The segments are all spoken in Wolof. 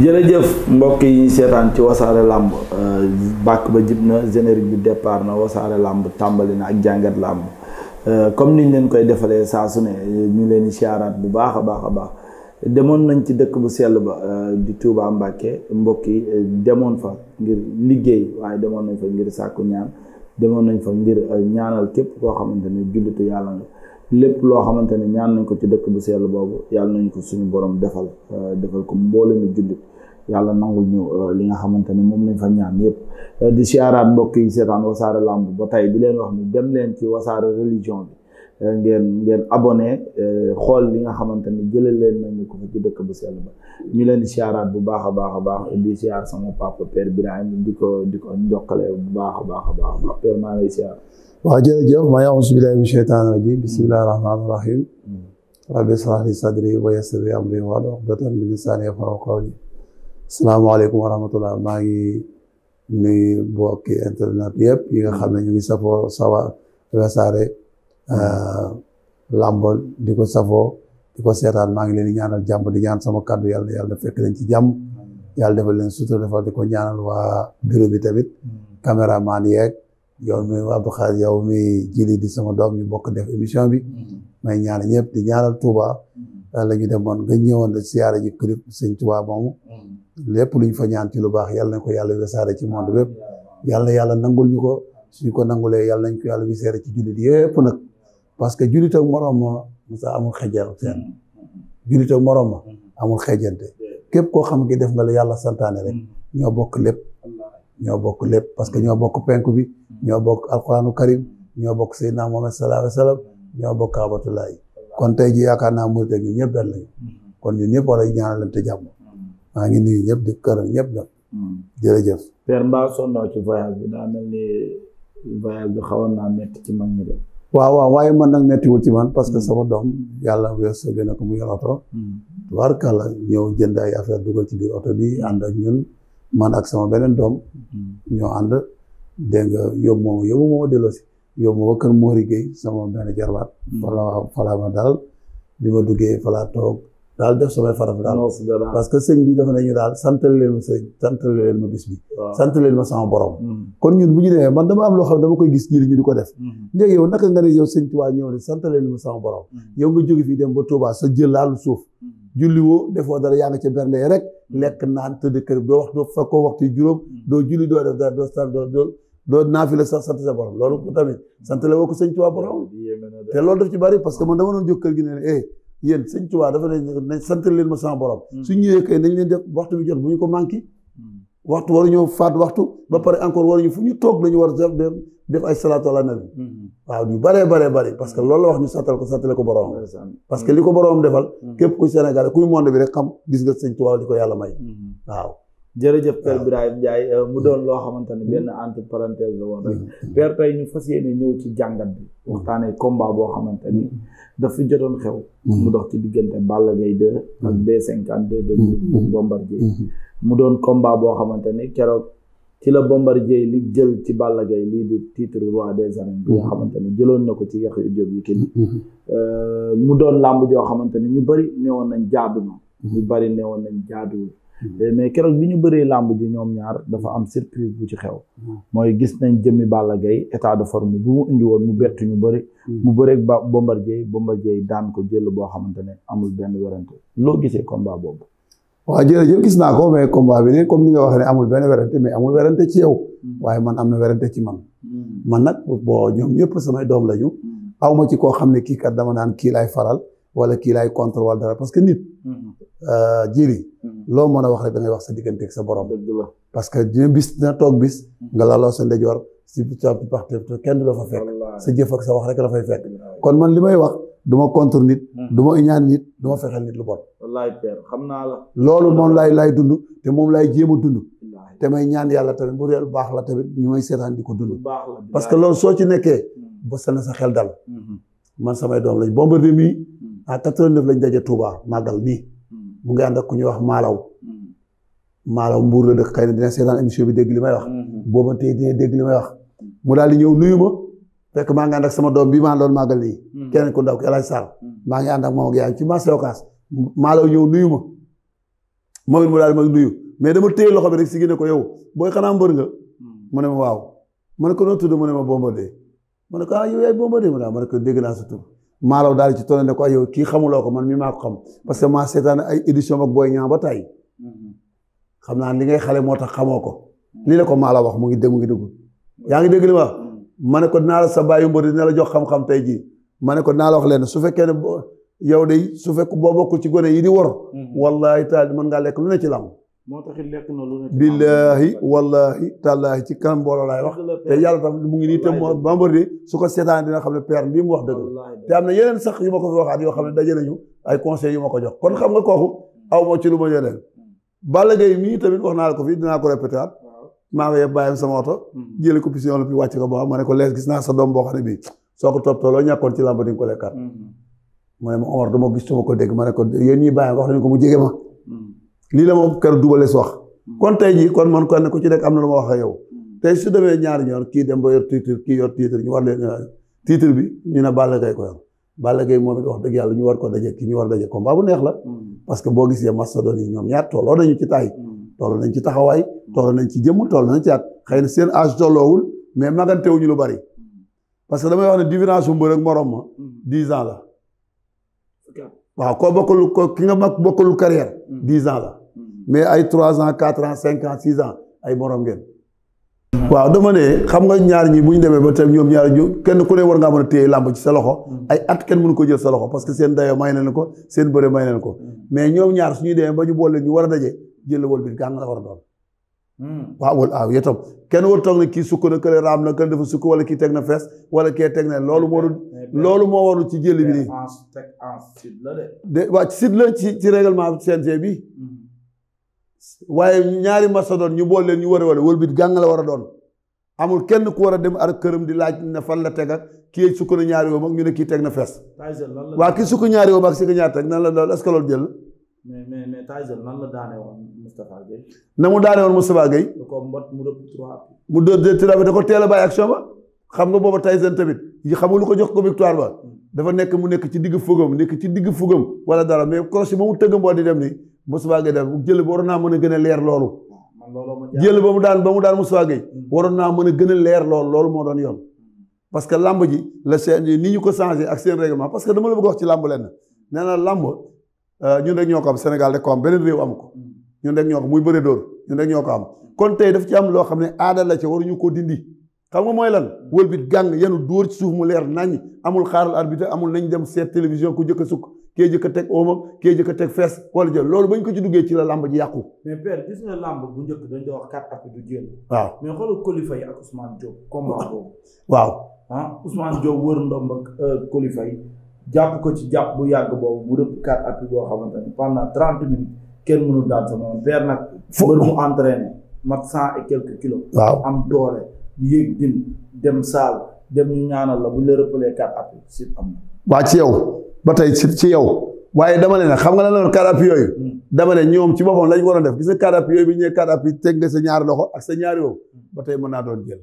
jërëjëf mbokk yi ñu seetaan ci wasaare làmb euh, bàkk ba jib na générique bi départ na wasaare làmb tàmbali na ak jàngat làmb euh, comme niñ leen koy defalee saa su ne ñu leen di siyaaraat bu baax a baax a baax demoon nañ ci dëkk bu sell ba euh, di Touba Mbàkke mbokk yi demoon fa ngir liggéey waaye demoon nañ fa ngir sàkku ñaan demoon nañ fa ngir ñaanal képp koo xamante ne jullitu yàlla nga lépp loo xamante ne ñaan nañ ko ci dëkk bu sell boobu yàlla nañ ko suñu boroom defal euh, defal ko mboole mi jullit yàlla nangul ñu euh, li nga xamante ne moom lañ fa ñaan yëpp euh, di siyaaraat mbokk yi seetaan wasaare lamb ba tey di leen wax ni dem leen ci wasaare religion bi ngeen ngeen abonné xool li nga xamante ni jëlee leen nañu ko fa ci dëkk bu sell ba ñu leen di siyaaraat bu baax a baax a baax di siyaar sama papa père Birahim di ko di ko njokkale bu baax a baax a baax père maa siyaar waa jërëjëf maa ngi auzu billaahi mina sheytaani rajiim bismillaahi rahmaani rahiim hmm. rabbi shrah li sadri wa yassir li amri maa ngi nuyu mbokki internet yëpp yi xam ne ñu ngi safoo sawa Wassare euh, di ko safoo di ko seetaan maa ngi leen di ñaanal jàmm di ñaan sama kàddu yàlla yàlla fekk leen ci jàmm hmm. yàlla defal leen sutura defal di ko ñaanal waa bureau bi tamit hmm. caméraman yeeg yow mi Abdou Khadre yow mi jili di sama doom ñu bokk def émission bi mm-hmm. may ñaanal ñëpp di ñaanal Touba mm-hmm. la ñu demoon nga ñëwoon siyaara ji clip sëñ Touba moomu mm-hmm. lépp lu ñu fa ñaan ci lu baax yàlla na ko yàlla wesaare ci monde bépp yàlla yàlla nangul ñu ko suñ ko nangulee yàlla nañ ko yàlla wiseere ci jullit yëpp nag parce que jullit ak moroom ma musa amul xejal seen jullit ak moroom ma amul xejante képp koo xam ngi def nga la yàlla santaane rek ñoo bokk lépp ñoo bokk lépp parce que ñoo bokk penku bi ñoo bokk alquranu karim ñoo bokk seydina Muhammad sallallahu alayhi wasallam ñoo bokk kaabatullahi kon tey ji yaakaar naa murit ak ñun ñëpp benn lañu kon ñun ñëpp maa ngi nuyu ñëpp di kër ñëpp nag jërëjëf Père mbaa daa mel ni voyage bi xawoon naa ci mag ñi de waaw waaw waaye man nag mettiwul ci man parce que mm. sama doom yàlla wërsëg na ko mu yor oto mm. tubaarkàlla ñëw jënd ay affaire dugal ci biir oto bi mm. ànd ak ñun man ak sama beneen doom hmm. ñoo ànd dégg nga yóbbu moom yóbbu moom a delloosi yóbbu moom a kër Mori Gueye sama benn jarbaat hmm. fala fala ma daal bi ma duggee falaa toog daal def samay faraf daal parce que sëñ bi dafa nañu daal santal leen ma leen ma bis bi santal leen ma sama borom hmm. kon ñun bu ñu demee man dama am loo xam ne dama koy gis ñii ñu di ko def léegi yow naka nga ne yow sëñ Tuubaa ñëw ne santal leen ma sama borom yow nga jóge fii dem ba Tuubaa sa jël laalu suuf julliwoo defoo dara yaa nga ca bernde rek mm. lekk naan tëdd kër doo wax doo fekk ko waxtu juróom mm. doo julli doo def dara doo sal doo doo doo naafila sax sant sa borom loolu tamit sant la woo ko sëñ Tuubaa borom te loolu daf ci bari parce que man dama doon jóg kër gi ne ne eh yéen sëñ dafa ne nañ sant leen ma sama borom mm. su ñëwee kay nañ leen def waxtu bi jot bu ñu ko manqué waxtu waruñoo faat waxtu ba pare encore ñu fu ñu toog lañu war a dem def ay salaatu ala mm-hmm. waaw yu bëree baree bëri parce que loolu la wax ñu sattal ko sattale ko borom mm-hmm. parce que li ko borom defal mm-hmm. képp kuy Sénégal kuy monde bi rek xam gis nga sëñ ko yàlla may waaw jërëjëf Père Birahim euh, mu doon loo xamante ne benn entre parenthèse la woon rek Père tey ñu fas yéene ñëw ci jàngat bi waxtaanee combat boo xamante ni daf fi jotoon xew mu dox ci diggante Balla Gaye 2 ak b de Bombardier mu doon combat boo xamante ni ci la Bombardier li jël ci Balla Gaye lii di titre roi des arènes bi nga mm-hmm. xamante ne jëloon na ko ci yi Jóob Yékini mm-hmm. euh, mu doon làmb joo xamante ne ñu bëri newoon nañ jaadu mm-hmm. ñu bëri newoon nañ jaaduwul mais keroog bi ñu bëree làmb ji ñoom ñaar dafa am surprise bu ci xew mooy gis nañ jëmmi Balla Gaye état de forme bu mu indi woon mu bett ñu bëri mu bëreeg ba Bombardier Bombardier daan ko jël boo xamante ne amul benn werante loo gisee combat boobu waaw jërëjëf gis naa ko mais combat bi ne comme ni nga wax ne amul benn werante mais amul werante ci yow mm. waaye man am na werante ci man mm. man nag boo ñoom ñëpp samay doom lañu mm. aw ma ci koo xam ne kii kat dama naan kii laay faral wala kii laay contre wala dara parce que nit mm-hmm. euh, jiri mm-hmm. loo mën a wax rek da wax sa diggante sa borom parce que dina bis dina toog bis mm-hmm. nga laloo sa ndejoor si bi paxte kenn du la fa fekk sa jëf sa wax rek la fay fekk kon man li may wax du ma contre nit. Hmm. du ma ñaan nit du ma nit lu bon. wallaay xam naa la. loolu moom laay laay dund te moom laay jéem a dund. te may ñaan yàlla tamit bu réel baax la tamit ñu may seetaan di ko dund. parce que loolu soo ci nekkee. Hmm. ba sa sa xel dal. Hmm. man samay doom lañ Bombardier mii. à quatre-vingt-neuf lañ daje Touba màggal mii. mu ngi ànd ak ku ñuy wax maalaw Malaw Mbuur la dëkk xëy na dina seetaan émission bi dégg li may wax. booba tey dina dégg li may wax. mu daal di ñëw nuyu fekk maa ngi ànd ak sama doom bii maa doon màggal nii. Hmm. kenn ku ndaw ki El Hadj hmm. maa ngi ànd moom ak yaay ci marché Ocass. maa la ñëw ma. moom mais dama téye loxo bi rek ko yow booy xanaa mbër nga. Hmm. mu ne ma waaw ma ne ko noo mu ne ma Bombardier. ma ne ko ah yow yaay Bombardier ma ne ko dégg naa daal ci tonne ne ko ay ko man mi maa ko parce que maa seetaan ay édition ak booy ñaa naa li ngay xale moo tax xamoo ko lii la ko wax mu ngi dégg mu yaa ngi dégg li ma ma ne ko naa la sa bàyyi mbër dina la jox xam-xam tey jii ma ne ko naa la wax leen su fekkee ne yow de su fekk boo bokkul ci gone yi di wor mm-hmm. wallahi taala mën ngaa lekk lu ne ci làmb moo tax lekk na lu ne billaahi wallahi tallaahi ci kanam mbooloo laay wax te yàlla tam mu ngi nii te Bombardier su ko seetaan dina xam ne père lii mu wax dëgg te am na yeneen sax yu ma ko fi waxaat yoo xam ne daje ñu ay conseils yu ma ko jox kon xam nga kooku aw moo ci lu ma yeneen mm-hmm. Balla tamit wax naa la ko fii dinaa ko répété maa ngi yeb bàyyam sama oto hmm. jële ko pisi olympique wàcc ko boo ma ne ko lees gis naa sa doom boo xam ne bii soo ko toppatoo loo ñàkkoon ci làmb di ko lekkaat hmm. ma Omar dama gis ko dégg ma ne ko hmm. jii kon man kon ku ci nekk am na lu wax ak yow tey su demee ñaar ñoon kii dem ba yor titre kii yor titre ñu war leen euh, titre bi ñu ne Balla Gaye ko yor Balla Gaye moom it wax dëgg yàlla ñu war ko daje kii ñu war daje combat bu neex la parce boo gisee Macédoine yi ñoom ñaar tolloo nañu ci toll nañ ci taxawaay toll nañ ci jëmm toll nañ ci at xëy na seen âge tolloowul mais wu ñu lu bari parce que damay wax ne différence bu mbër ak morom ma dix ans la waaw koo bokkul ko ki nga mag bokkul carrière hmm. dix ans la hmm. mais ay trois ans quatre ans cinquante ans six ans ay morom ngeen waaw dama ne xam nga ñaar ñi bu ñu demee ba tam ñoom ñaar ñu kenn ku ne war ngaa mën a téye làmb ci sa loxo ay at kenn mënu ko jël sa loxo parce que seen dayoo may nañ ko seen bëre may nañ ko mais ñoom ñaar ñu demee ba ñu boole ñu war a daje jël wol bi gàng la war a doon waaw wal waaw yétam kenn war toog ne kii sukk na kële raam na kële dafa sukk wala kii teg na fees wala kee teg na loolu moo loolu moo warul ci jël bi nii de waaw ci site la ci ci règlement bi hmm. waaye ñaari masadon ñu bool leen ñu war a wala wëlbit gàng la war a doon amul kenn ku war a dem ar këram di laaj ne fan la teg ak kii sukk na ñaari woom ak ne kii teg na fees waa kii sukk ñaari woom ak si ko mais mais mais Tyson nan la daane woon Moustapha Gueye. na mu daane woon mu dëpp trois. mu dëpp trois ko teel a bàyyi action ba. xam nga booba Tyson tamit yi xamul lu ko jox ko victoire ba. Mm. dafa nekk mu nekk ci digg fugam nekk ci digg fugam. wala dara mais croche bi mu tëggam boo di dem nii. Moustapha Gueye daal jël waroon naa mën a gën a leer loolu jël ba mu daan ba mu daan Moustapha Gueye mm-hmm. waroon naa mën a gën a leer loolu loolu moo doon yoon mm-hmm. parce que làmb ji la seen ni ñu ko changé ak seen règlement parce que dama la bëgg wax ci làmb lenn nee na làmb euh, ñu rek ñoo ko am Sénégal rek ko am beneen réew amu ko mm-hmm. ñu rek ñoo ko muy bëre dóor ñun rek ñoo ko am kon tey daf ci am loo xam ne aada la ca waruñu ko dindi xam nga mooy lan wëlbit gàng yenu dóor ci suuf mu leer nañ amul xaaral arbitre amul nañ dem seet télévision ku jëkk a kee jëkk a teg oom ak kee teg fees wala jël loolu ba ñu ko ci duggee ci la làmb ji yàqu. mais père gis nga làmb bu njëkk dañ doon wax carte d'identité du génn. waaw mais xoolal Coly Faye ak Ousmane Diop. combat waaw. ah Ousmane Diop wër ndomb ak euh, Coly Faye jàpp ko ci jàpp bu yàgg boobu bu dëpp carte d'identité boo xamante ne pendant trente minutes kenn mënul daan sama moom père nag. foofu mu entraîné mat cent et quelques kilos. waaw am doole yéeg din dem saal dem ñu ñaanal la bu ñu la rëppalee waa ci yow ba tey ci ci yow waaye dama ne xam nga la woon car rapide yooyu hmm. dama ne ñoom ci boppam lañ war a def gis nga yooyu bi ñëwee car rapide teg nga sa ñaari loxo ak ñaari yow hmm. ba tey mën naa doon jël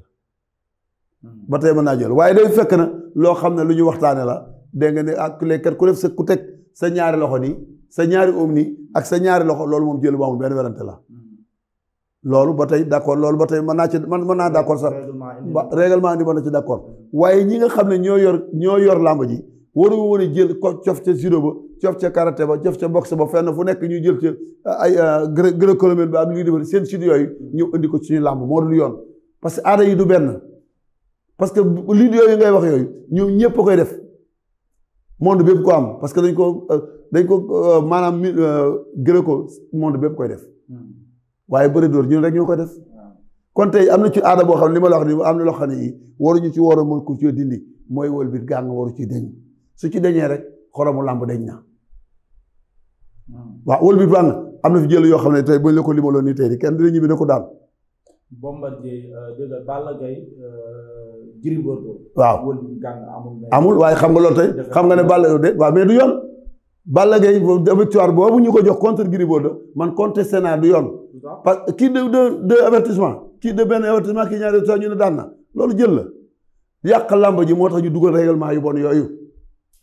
hmm. ba tey mën naa jël waaye day fekk na loo xam ne lu ñu waxtaane la dégg nga ne ak léegi ku sa ku teg sa ñaari loxo nii sa ñaari oom nii ak sa ñaari loxo loolu moom jël bu amul benn welante la loolu ba tey d' accord loolu ba tey mën naa ci man mën naa d' accord sax règlement indi mën na ci d' accord waaye ñi nga xam ne ñoo yor ñoo yor làmb ji waroo war a jël ko cof ca judo ba cof ca karaté ba cof ca boxe ba fenn fu nekk ñu jël ca ah, ay ah, gréco-romaine ba ak lii di seen sud yooyu ñëw indi ko ci suñu làmb moo dul yoon parce que aada yi du benn parce que lii yooyu ngay wax yooyu ñoom ñëpp a koy def monde bépp ko am parce que dañ ko euh, dañ ko euh, maanaam euh, gréco monde bépp koy def hmm. waaye bëri dóor ñun rek ñoo koy def hmm. kon tey am na ci aada boo xam ne li ma la wax ni am na loo xam ne yi waruñu ci war a mën ko ci dindi mooy wëlbit gaa nga waru ci deñ su ci dañee rek xoromu làmb dañ na hmm. waaw wóol bi baax am na fi jël yoo xam ne tey buñ la ko limaloon nii tey di kenn dina ko daal. Bombardier euh, dëgg Balla Gaye euh, Gris Bordeaux waaye xam nga loolu tey xam nga ne Balla de waaw mais du yoon. Balla Gaye victoire boobu ñu ko jox contre Gris man contesté naa du yoon. parce que kii de de kii de benn avertissement kii ñaari victoire daan na loolu jël la yàq làmb ji moo tax ñu dugal règlement yu bon yooyu.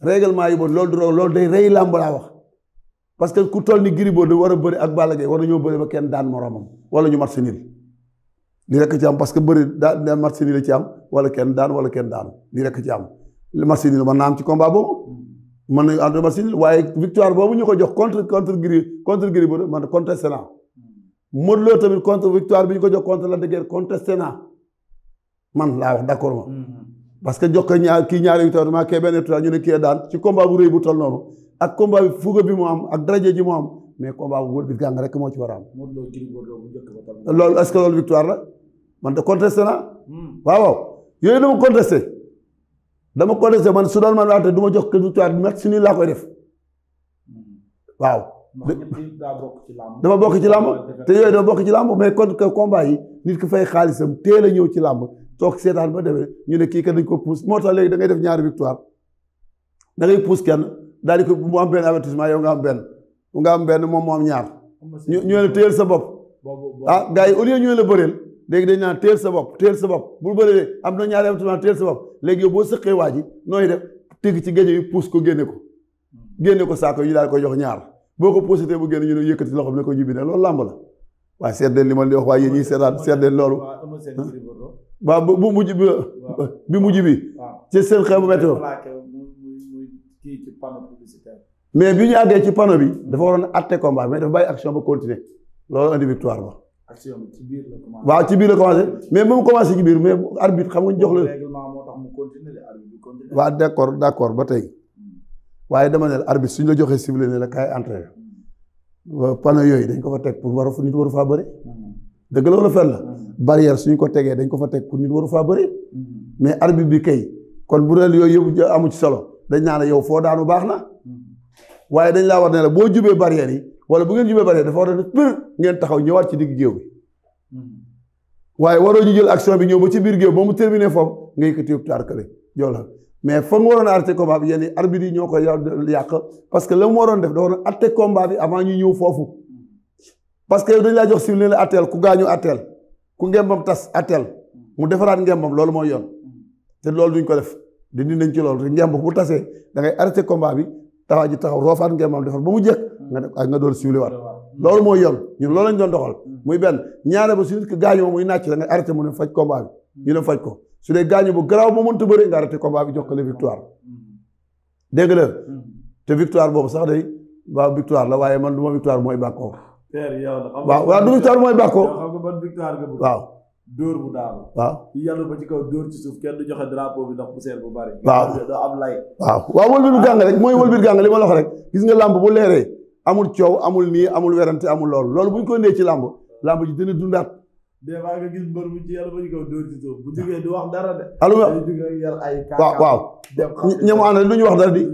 règlement yi bon loolu du loolu day rey làmb laa wax parce que ku toll ni Gris Bordeaux war a bëri ak Balla Gaye war nañoo bëri ba kenn daan moroomam wala ñu mat si niil li rekk ci am parce que bëri daa mat si niil ci am wala kenn daan wala kenn daanu li rekk ci am li mat si niil mën naa am ci combat boobu mën nañu ànd mat si niil waaye victoire boobu ñu ko jox contre contre Gris contre Gris Bordeaux man contesté naa Modou Lo tamit contre victoire bi ñu ko jox contre la de guerre contesté man laa wax parce que jox ko ñaar kii ñaari victoire maa kee benn victoire ñu ne kii daan ci combat bu rëy bu toll noonu ak combat bi fuga bi mu am ak daraje ji mu am mais combat bu wër bi gàng rek moo ci war a am. loolu est-ce que loolu la man de contesté naa. Hmm. waaw waaw yooyu dama contesté dama contesté man su doon man laata du ma jox ko victoire bi mat si nii laa koy def hmm. waaw. dafa bokk ci làmb te yooyu dafa bokk ci làmb mais kon que combat yi nit ki fay xaalisam teel a ñëw ci làmb toog seetaan ba demee ñu ne kii kat dañ ko pousse moo tax léegi da ngay def ñaari victoire da ngay pousse kenn daal di ko mu am benn avertissement yow nga am benn mu nga am benn moom moo am ñaar ñu ñu ne téyel sa bopp ah gars yi au lieu ñu la bëreel léegi dañ naan téyel sa bopp téyel sa bopp bu bëree am na ñaari avertissement téyel sa bopp léegi yow boo sëqee waa ji nooy def tëgg ci génne yi pousse ko génne ko hmm. génne ko saako yi daal ko jox ñaar boo ko posité bu génn ñu ne yëkkati loxo bi ne ko ñibbi ne loolu làmb la waaye seet leen li ma li wax waaye yéen ñiy seetaan seet leen loolu waaw bu mujj bi bi mujj bi ci seen xew bu metti mais bi ñu àggee ci panneau bi dafa waroon atte combat mais dafa bàyyi action ba continuer loolu indi victoire ba ci biir la waaw ci biir la commencé mais ba mu commencé ci biir mais arbitre xam nga ñu jox la. règlement moo tax mu d' accord ba tey waaye dama ne la arbitre suñ la joxee ciblé ne la kaay entraîné panneau yooyu dañ ko fa teg pour war nit waru faa bëri dëgg la wala fen la barrière suñ ko tegee dañ ko fa teg pour nit waru faa bëri mais arbitre bi kay kon bu dee yooyu yëpp amu ci solo dañ naa ne yow foo daanu baax na waaye dañ laa war ne la boo jubee barrière yi wala bu ngeen jubee barrière dafa war a ne për ngeen taxaw ñëwaat ci digg géew bi waaye waroo ñu jël action bi ñëw ba ci biir géew ba mu terminé foofu nga yëkkati yëpp taar la mais fa mu waroon a arrêté combat bi yéen arbitre yi ñoo koy yàq parce que la mu waroon def da waroon arrêté combat bi avant ñu ñëw foofu parce que yow dañu laa jox si ne la atteel ku gaañu atteel ku ngembam tas atteel mu defaraat ngembam loolu mooy yoon te loolu duñ ko def di nañ ci loolu te ngemb bu tasee da ngay arrêté combat bi taxaw ji taxaw roofaat ngembam defar ba mu jekk nga def ak nga doon siwliwaat loolu mooy yoon ñun loolu lañ doon doxal muy benn ñaare ba su nit ki gaañoo muy nàcc arrêté mu ne faj combat bi ñu dem faj ko su dee gaañu bu garaaw ba mënta bëree nga arrêté combat bi jox ko la victoire dégg la te victoire boobu sax day waaw victoire la waaye man du ma victoire mooy bàkkoo waaw waaw du victoire mooy bàkkoo waaw dóor bu daanu waaw yàlla ba ci kaw dóor ci suuf kenn du joxe drapeau bi ndax poussière bu bari waaw doo am lay waaw waaw wëlbir gàng rek mooy wëlbir gàng li ma la wax rek gis nga làmb bu leeree amul coow amul nii amul werante amul loolu loolu bu ñu ko indee ci làmb làmb ji dina dundaat des fois nga gis mbër bu ci yàlla ba ñu ko bu jógee du wax dara de. allo waaw waaw. ña mu àndal wax dara di.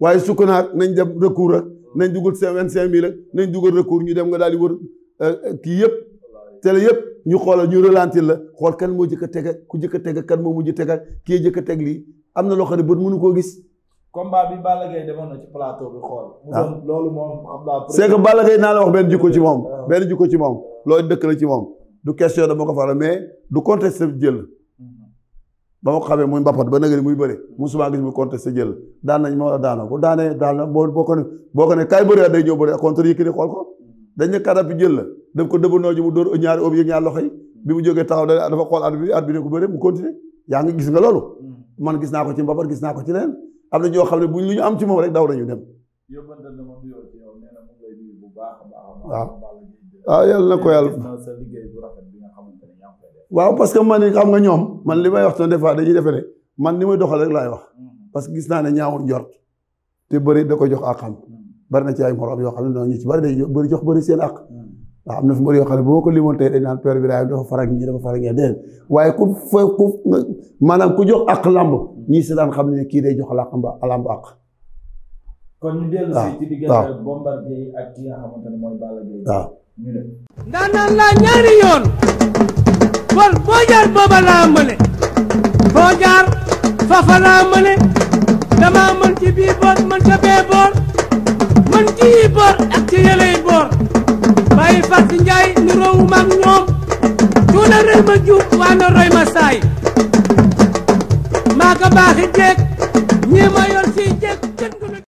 waaye sukk naag nañ dem recours ak nañ dugal vingt cinq mille ak nañ dugal recours ñu dem nga daal di wër euh, euh, kii yëpp. télé yëpp ñu xoolal ñu ralentir la xool kan moo jëkk a teg ku jëkk a teg ak kan moo mujj teg ak kii jëkk teg lii am na loo xam ne bët mënu koo gis. combat bi Balla Gaye na ci plateau bi ah. loolu moom xam naa. c'est que Balla Gaye naa la wax benn jikko ci ah. moom benn jikko ci moom loolu dëkk la ci moom du question dama ko faral mais du contesté jël ba ma ko xamee muy mbappat ba nagari muy bëri musuma gis muy contesté jël daan nañ ma war a daanoo bu daanee daan boo boo ko ne boo ko ne kaay bëri day ñëw bëri contre Yékini xool ko dañ ne karab bi jël la daf ko dëbbanoo ji mu dóor ñaari obi ñaar loxo yi bi mu jógee taxaw da dafa xool at bi at bi ne ko bëri mu continuer yaa ngi gis nga loolu mm. man gis naa ko ci mbappat gis naa ko ci leneen am na ñoo xam ne buñ lu ñu am ci moom rek daw nañu dem waaw waaw ah, yàlla na ko yàlla waaw parce que man xam nga ñoom man li may wax te des fois dañuy defe ne man ni may doxal rek laay wax mm-hmm. parce que gis naa ne ñaawul njort te bëri da ko jox ak xam mm-hmm. bari na ci ay morom yoo xam ne noonu ñu ci bari day bëri jox bëri seen ak mm-hmm. waaw am na fi mbër yoo xam ne bu ma ko limoon tey dañ naan père bi dafa farag ñi dafa farag ñi déedéet waaye ku fa ku jox ak làmb ñii si daan xam ne kii day jox la làmb ak kon ñu ah, ah. ah. laa ñaari yoon bor boo jaar booba laa mëne boo jaar fafa laa mëne dama mën ci bii boor mën ca bee boor mën ci boor ak ci yëley boor bàyyi fàtt njaay ni ñoom cuuna rëy ma juub waa na roy ma saay maa ko baaxi jeeg ñii ma yor si jeeg